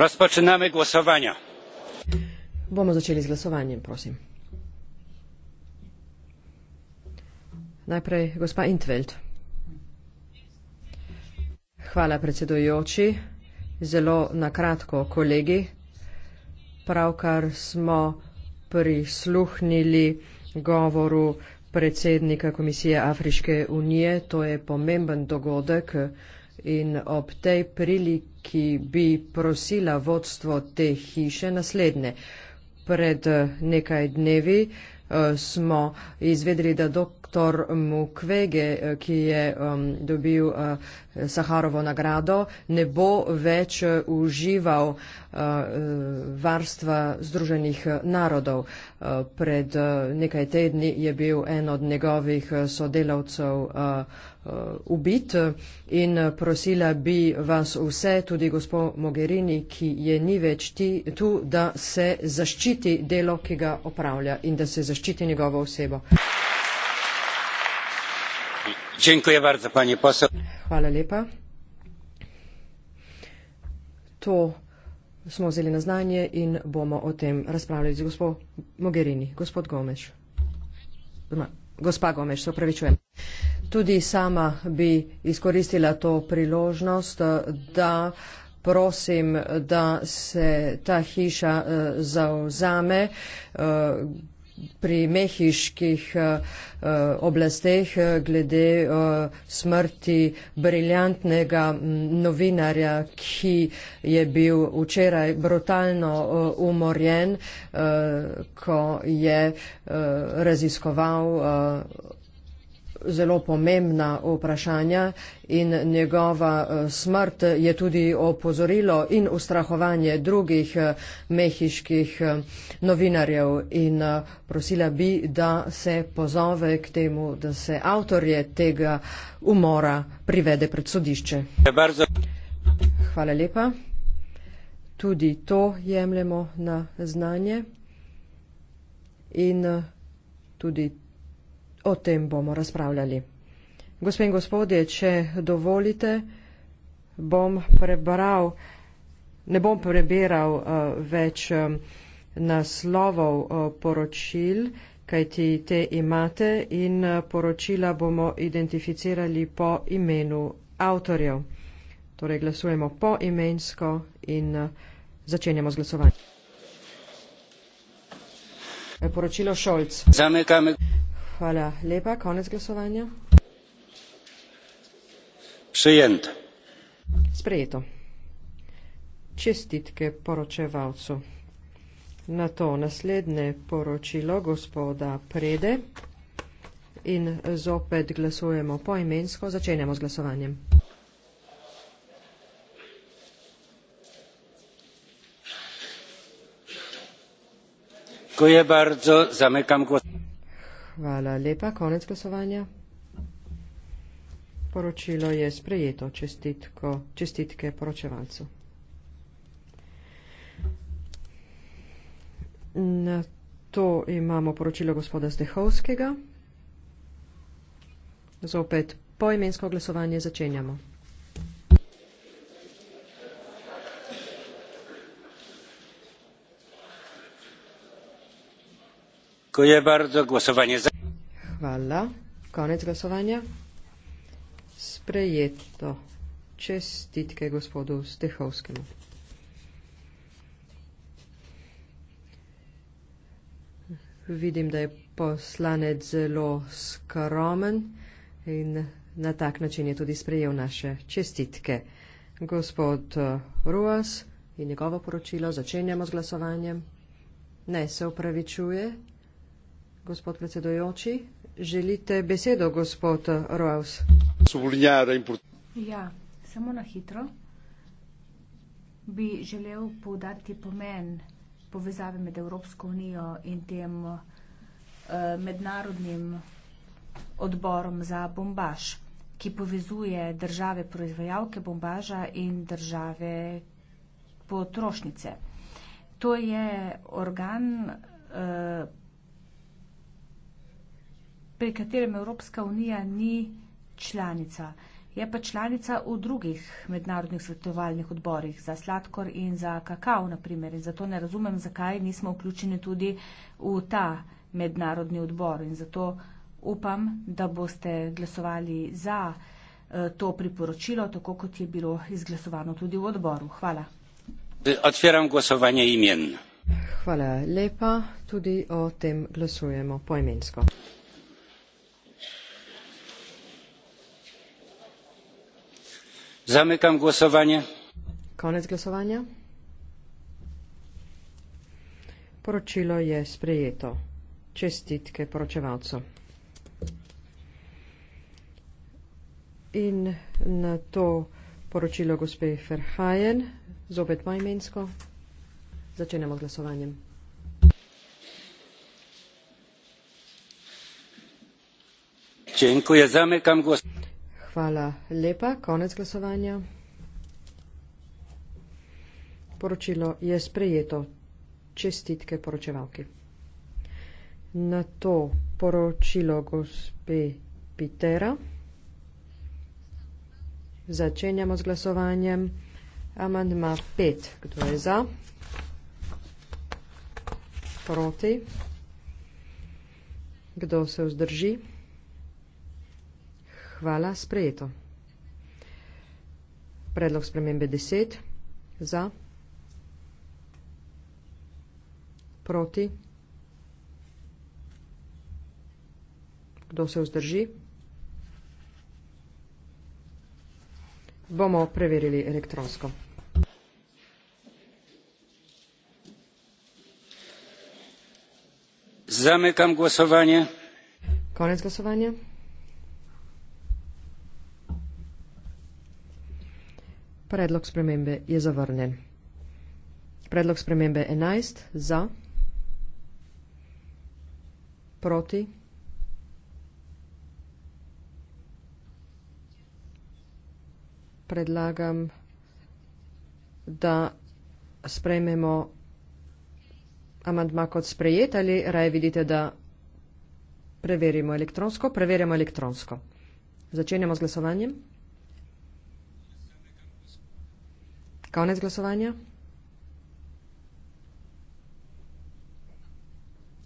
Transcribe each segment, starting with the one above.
rozpoczynamy głosowania bomo začeli z glasovanjem prosim najprej gospa intveld hvala predsedujoči zelo na kratko kolegi pravkar smo prisluhnili govoru predsednika komisije afriške unije to je pomemben dogodek in ob tej priliki bi prosila vodstvo te hiše naslednje. Pred nekaj dnevi eh, smo izvedeli, da dok dr. Mukwege, eh, ki je um, dobil uh, Saharovo nagrado, ne bo več eh, užival uh, varstva Združenih narodov. Uh, pred uh, nekaj tedni je bil en od njegovih sodelavcev uh, uh, ubit in prosila bi vas vse, tudi gospod Mogherini, ki je ni več ti, tu, da se zaščiti delo, ki ga opravlja in da se zaščiti njegovo osebo. Thank you to smo vzeli na znanje in bomo o tem razpravljali z gospo mogherini gospod gomes gospa gomes se opravičujem tudi sama bi izkoristila to priložnost da prosim da se ta hiša eh, zavzame eh, pri mehiških eh, eh, oblasteh eh, glede smrti briljantnega mm, novinarja, ki je bil včeraj brutalno umorjen, ko je raziskoval zelo pomembna vprašanja in njegova eh, smrt je tudi opozorilo in ustrahovanje drugih eh, mehiških eh, novinarjev. In prosila bi, da se pozove k temu, da se avtorje tega umora privede pred sodišče. Hvala lepa. Tudi to jemljemo na znanje. In tudi o tem bomo razpravljali. Gospe in gospodje, če dovolite, bom prebral, ne bom prebiral eh, več eh, naslovov eh, poročil, kajti te imate in poročila bomo identificirali po imenu avtorjev. Torej glasujemo po imensko in začenjamo z glasovanjem. Poročilo Šolc. Zamekam. Hvala lepa. Konec glasovanja. Prijeto. Sprejeto. Čestitke poročevalcu. Na to naslednje poročilo gospoda Prede in zopet glasujemo poimensko, začenjamo z glasovanjem. Ko je bardzo, zamekam glasovanje. Hvala lepa. Konec glasovanja. Poročilo je sprejeto. Čestitko, čestitke poročevalcu. Na to imamo poročilo gospoda Stehovskega. Zopet poimensko glasovanje začenjamo. Dziękuję bardzo. Głosowanie za. Chwala. Koniec głosowania. Sprejeto. Czestitkę gospodu Stychowskiemu. Vidim, da je poslanec zelo skromen in na tak način je tudi sprejel naše čestitke. Gospod eh, Ruas in njegovo poročilo začenjamo z glasovanjem. Ne se upravičuje, Gospod predsedojoči, želite besedo, gospod Roaus? Ja, samo na hitro bi želel povdati pomen povezave med Evropsko unijo in tem eh, mednarodnim odborom za bombaž, ki povezuje države proizvajalke bombaža in države potrošnice. To je organ eh, pri katerem Evropska unija ni članica. Je pa članica v drugih mednarodnih svetovalnih odborih za sladkor in za kakav, naprimer. In zato ne razumem, zakaj nismo vključeni tudi v ta mednarodni odbor. In zato upam, da boste glasovali za eh, to priporočilo, tako kot je bilo izglasovano tudi v odboru. Hvala. Odpiram glasovanje imen. Hvala lepa. Tudi o tem glasujemo poimensko. zamykam głosowanie koniec głosowania poročilo je sprejeto čestitke poročevalcu in na to poročilo gospe Ferhajen zopet poimensko začenjamo glasovanjem Dziękuję, zamykam głos. Hvala lepa. Konec glasovanja. Poročilo je sprejeto. Čestitke poročevalki. Na to poročilo gospe Pitera. Začenjamo z glasovanjem. Amandma 5. Kdo je za? Proti. Kdo se vzdrži? Hvala, sprejeto. Predlog spremembe 10. Za. Proti. Kdo se vzdrži? Bomo preverili elektronsko. Zamykam głosowanie. Koniec głosowania. Predlog spremembe je zavrnen. Predlog spremembe 11 za, proti, predlagam, da sprejmemo amandma kot sprejet ali raje vidite, da preverimo elektronsko. Preverjamo elektronsko. Začenjamo z glasovanjem. Konec glasovanja.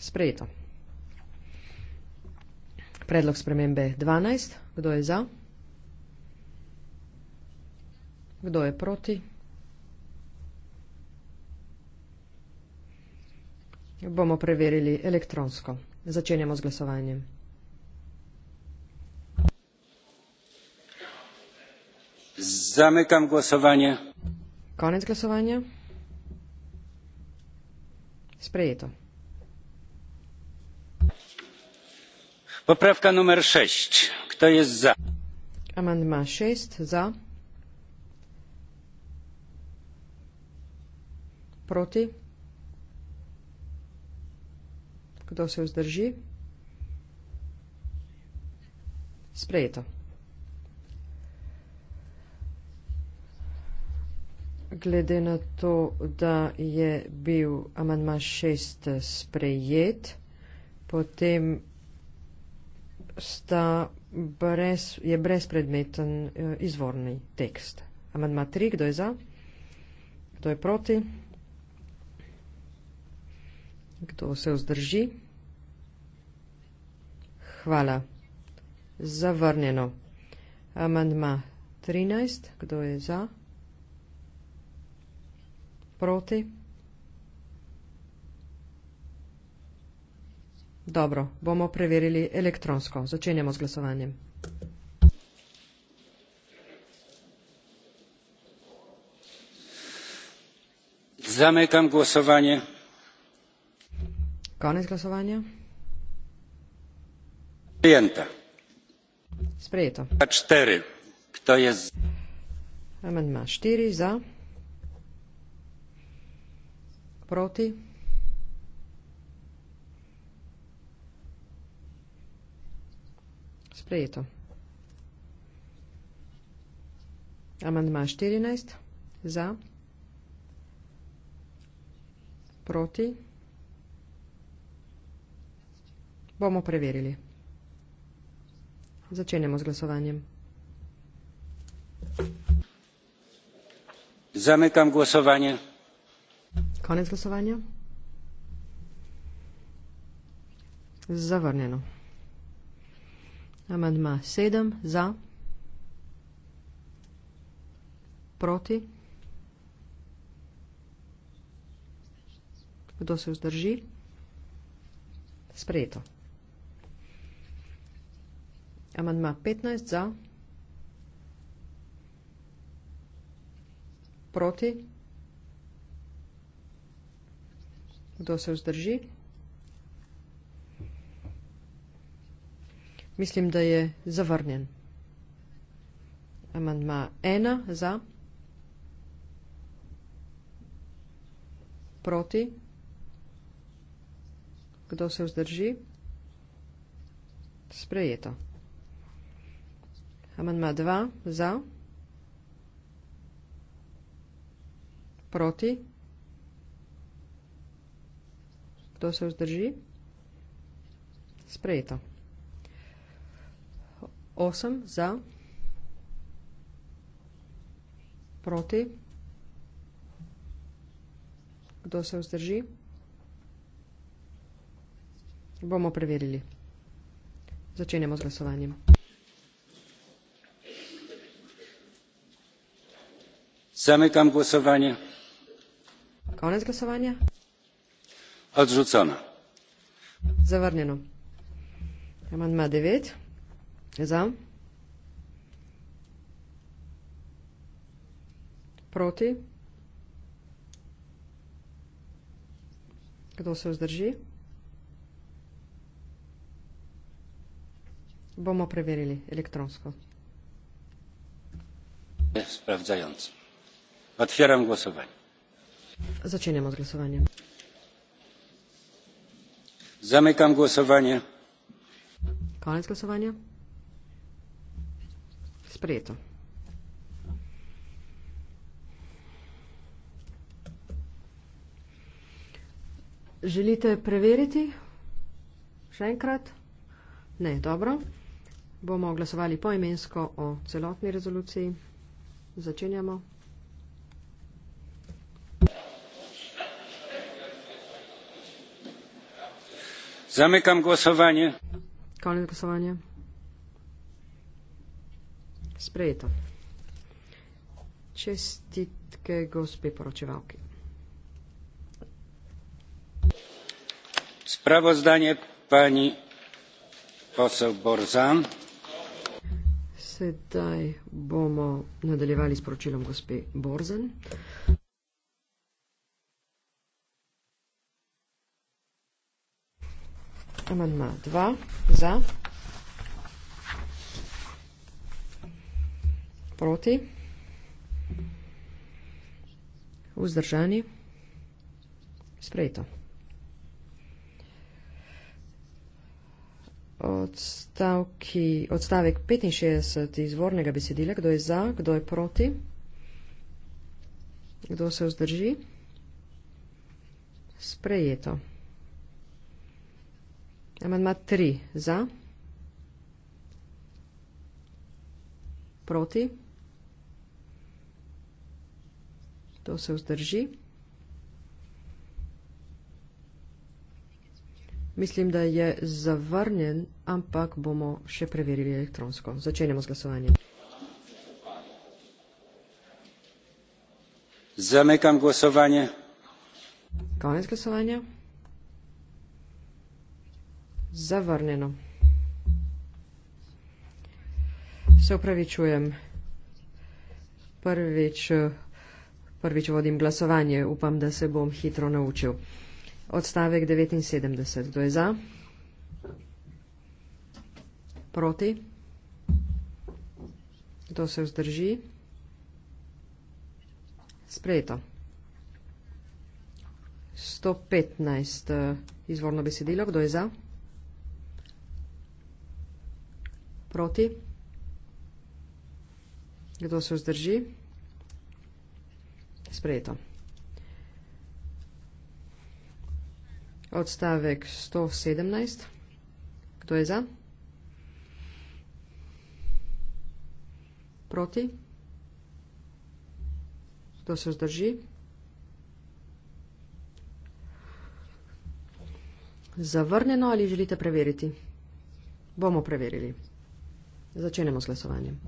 Sprejeto. Predlog spremembe 12. Kdo je za? Kdo je proti? Bomo preverili elektronsko. Začenjamo z glasovanjem. Zamykam głosowanie. Konec glasovanja. Sprejeto. Popravka numer 6. Kdo je za? Amandma 6 za. Proti. Kdo se vzdrži? Sprejeto. glede na to, da je bil amandma 6 sprejet, potem brez, je brezpredmeten eh, izvorni tekst. Amandma 3, kdo je za? Kdo je proti? Kdo se vzdrži? Hvala. Zavrnjeno. Amandma 13, kdo je za? Proti. Dobro, bomo preverili elektronsko. Začenjamo z glasovanjem. Zamekam glasovanje. Konec glasovanja. Prijenta. Sprejeto. Pač 4. Kdo je za? Amandma 4 za. Proti. Sprejeto. Amandma 14. Za. Proti. Bomo preverili. Začenjamo z glasovanjem. Zamykam głosowanie. Konec glasovanja. Zavrnjeno. Amandma sedem za, proti. Kdo se vzdrži? Sprejeto. Amandma petnajst za, proti. Kdo se vzdrži? Mislim, da je zavrnjen. Amandma ena za. Proti. Kdo se vzdrži? Sprejeto. Amandma dva za. Proti. Kdo se vzdrži? Sprejeto. Osem za. Proti. Kdo se vzdrži? Bomo preverili. Začenjamo z glasovanjem. Zamekam glasovanje. Konec glasovanja odrzucena zavrnjeno amandma devet za proti kdo se vzdrži bomo preverili elektronsko sprawdzając otwieram głosowanie zaczynamy z głosowaniem zamykam głosowanie koniec głosowania sprijeto želite preveriti še enkrat ne dobro bomo glasovali poimensko o celotni rezoluciji začenjamo zamykam głosowanie koniec głosowania sprejeto čestitke gospe poročevalke sprawozdanie pani poseł borzan sedaj bomo nadaljevali s poročilom gospe borzan amandma 2 za, proti, vzdržani, sprejeto. Odstavki, odstavek 65 izvornega besedila, kdo je za, kdo je proti, kdo se vzdrži, sprejeto. Amandma 3 za. Proti. To se vzdrži. Mislim, da je zavrnjen, ampak bomo še preverili elektronsko. Začenjamo z glasovanjem. Zamekam glasovanje. Konec glasovanja. Zavrnjeno. Se upravičujem. Prvič, prvič vodim glasovanje. Upam, da se bom hitro naučil. Odstavek 79. Kdo je za? Proti? Kdo se vzdrži? Sprejeto. 115. Eh, izvorno besedilo. Kdo je za? Proti? Proti. Kdo se vzdrži? Sprejeto. Odstavek 117. Kdo je za? Proti. Kdo se vzdrži? Zavrnjeno ali želite preveriti? Bomo preverili začenjamo z glasovanjem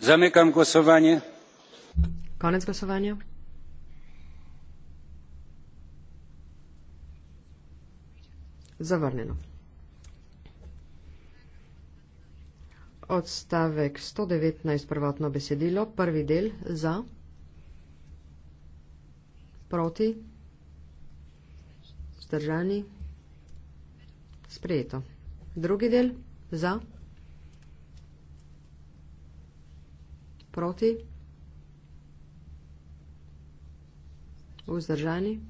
zamikam glasovanje konec glasovanja zavrnjeno odstavek sto devetnajst prvotno besedilo prvi del za proti vzdržani sprejeto drugi del za, proti, vzdržani,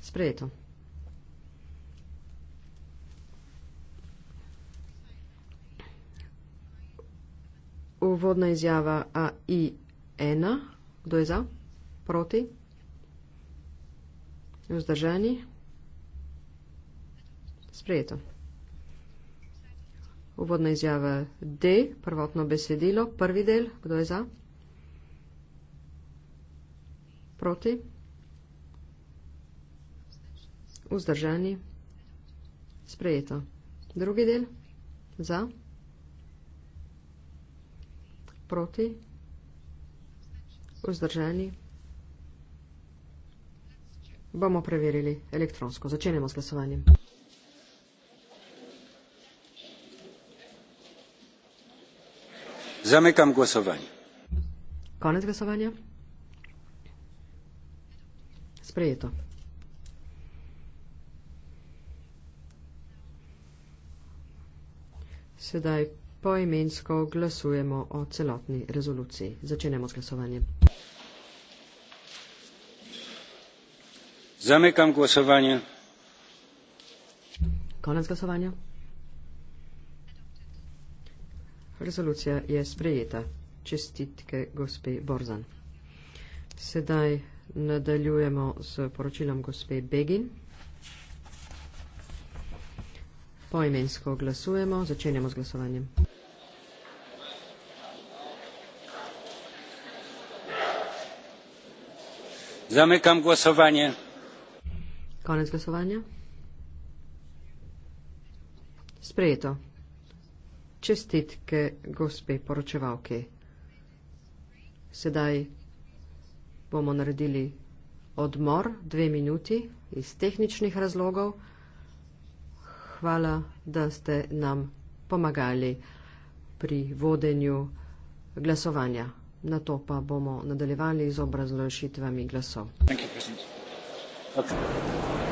sprejeto. Uvodna izjava AI1, kdo je za, proti, vzdržani, sprejeto. Uvodna izjava D, prvotno besedilo, prvi del, kdo je za? Proti? Vzdržani? Sprejeto. Drugi del? Za? Proti? Vzdržani? Bomo preverili elektronsko. Začenjamo s glasovanjem. zamykam głosowanie koniec głosowania sprejeto sedaj poimensko glasujemo o celotni rezoluciji začenjamo z glasovanjem zamykam głosowanie koniec głosowania rezolucija je sprejeta. Čestitke, gospe Borzan. Sedaj nadaljujemo z poročilom gospe Begin. Poimensko glasujemo, začenjamo z glasovanjem. Zamykam głosowanie. Koniec głosowania. Sprejeto čestitke gospe poročevalke. Sedaj bomo naredili odmor dve minuti iz tehničnih razlogov. Hvala, da ste nam pomagali pri vodenju glasovanja. Na to pa bomo nadaljevali z obrazložitvami glasov. Thank you,